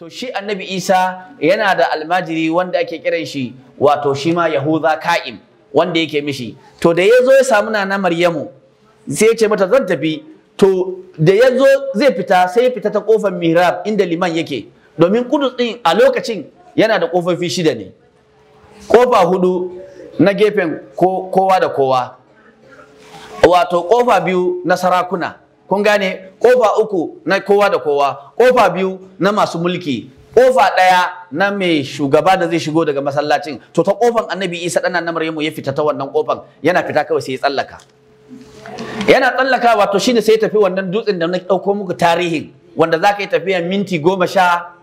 to shi annabi isa yana da almajiri wanda ake kiran shi wato shi ma yahuza ka'im wanda yake mishi to da ya zo ya samu nana maryamu sai ya ce mata zan tafi to da ya zo zai fita sai ya fita ta kofar mihrab inda liman yake domin kudus din a lokacin yana da kofofi shida ne kofa hudu na gefen kowa da kowa wato kofa biyu na sarakuna kun gane kofa uku na kowa da kowa kofa biyu na masu mulki kofa ɗaya na mai shugaba da zai shigo daga masallacin to ta kofan annabi isa ɗana na maryamu ya fita ta wannan kofan yana fita kawai sai ya tsallaka yana tsallaka wato shine sai ya tafi wannan dutsen da na ɗauko muku tarihin wanda za ka yi tafiya minti goma sha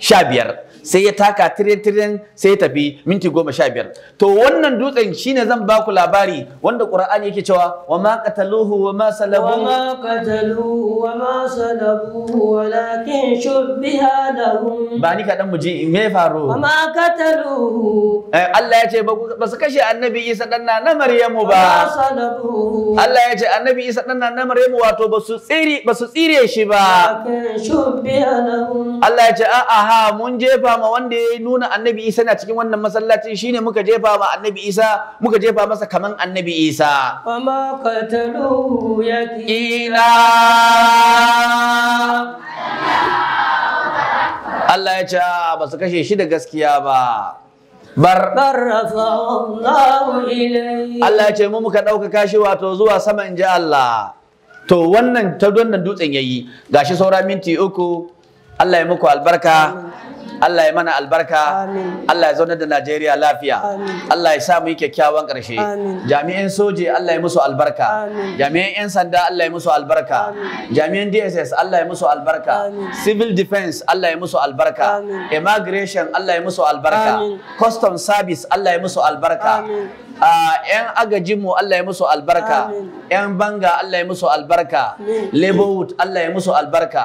sha biyar sai ya taka tire-tiren sai ya tafi minti goma sha biyar to wannan dutsen shine zan ba ku labari wanda qur'ani yake cewa wa ma kataluhu wa ma salabu wa ma qataluhu wa ma salabu walakin shubbiha lahum ba ni kaɗan mu ji me faru wa ma kataluhu eh, Allah ya ce ba su kashe annabi Isa ɗan na Maryamu ba Wa ma Allah ya ce annabi Isa ɗan na Maryamu wato ba su tsire ba su tsire shi ba Allah ya ce a'a ha mun jefa jefa ma wanda ya nuna annabi isa na cikin wannan masallacin shine muka jefa ma annabi isa muka jefa masa kaman annabi isa Allah ya ce ba su kashe shi da gaskiya ba bar Allah ya ce mu muka ɗaukaka shi wato zuwa sama in ji Allah to wannan ta wannan dutsen yayi gashi saura minti uku Allah ya muku albarka Allah ya mana albarka Allah ya zaunar da Najeriya lafiya Allah ya sa mu yi kyakkyawan ƙarshe jami'an soje Allah ya musu albarka jami'an 'yan sanda Allah ya musu albarka jami'an DSS Allah ya musu albarka civil defense Allah ya musu albarka immigration Allah ya musu albarka custom service Allah ya musu albarka 'yan agajinmu Allah ya musu albarka 'yan banga Allah ya musu albarka Labour Allah ya musu albarka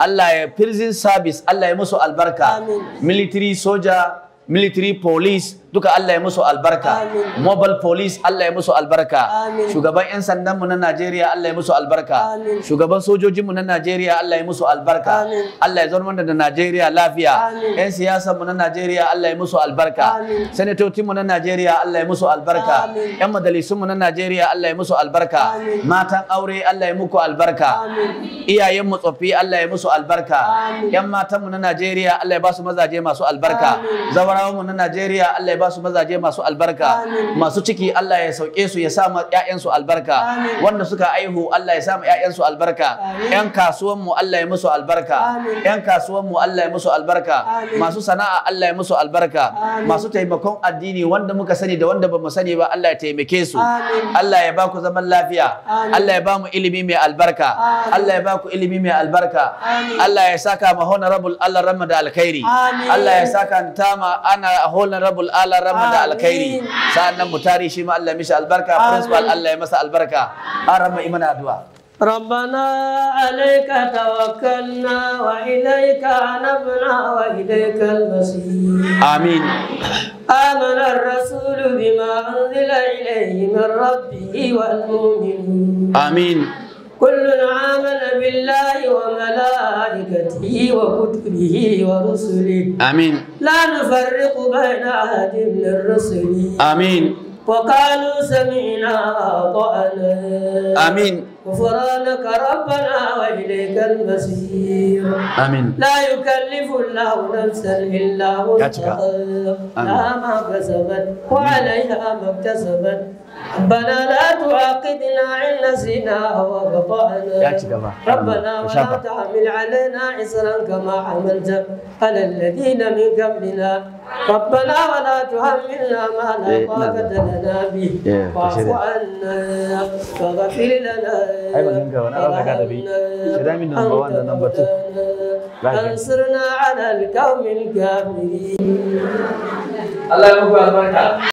Allah ya prison service Allah ya musu albarka military soja military police duka Allah ya musu albarka mobile police Allah ya musu albarka shugaban yan sandan mu na Najeriya Allah ya musu albarka shugaban sojojin mu na Najeriya Allah ya musu albarka Allah ya zama da Najeriya lafiya yan siyasar mu na Najeriya Allah ya musu albarka sanatocin mu na Najeriya Allah ya musu albarka yan majalisun mu na Najeriya Allah ya musu albarka matan aure Allah ya muku albarka iyayen mu tsofi Allah ya musu albarka yan matan mu na Najeriya Allah ya ba su mazaje masu albarka zawarawan mu na Najeriya Allah ya ba su mazaje masu albarka masu ciki Allah ya sauke su ya sa ma ƴaƴansu albarka wanda suka aihu Allah ya sa ma ƴaƴansu albarka ƴan kasuwan mu Allah ya musu albarka ƴan kasuwan mu Allah ya musu albarka masu sana'a Allah ya musu albarka masu taimakon addini wanda muka sani da wanda bamu sani ba Allah ya taimake su Allah ya ba ku zaman lafiya Allah ya ba mu ilimi mai albarka Allah ya ba ku ilimi mai albarka Allah ya saka ma honorable Allah Ramadan alkhairi Allah ya saka ta ma ana honorable Allah ramma da alkhairi sa'annan mutari shi ma Allah mishi albarka principal Allah ya masa albarka an imana addu'a ربنا عليك توكلنا وإليك أنبنا وإليك المصير آمين آمن الرسول بما أنزل إليه من ربه آمين كل آمن بالله وملائكته وكتبه ورسله آمين لا نفرق بين أحد من الرسل آمين وقالوا سمعنا وأطعنا آمين غفرانك ربنا وإليك المسير آمين لا يكلف الله نفسا إلا وسعها لها ما كسبت وعليها ما اكتسبت ربنا لا تعاقدنا إن زنا وقطعنا ربنا ولا تحمل علينا عسرا كما حملت على الذين من قبلنا ربنا ولا تحملنا ما لا إيه، نعم، طاقة نعم. لنا به واعف عنا واغفر لنا أيوة، نعم، انصرنا على الكون الكافرين الله يبارك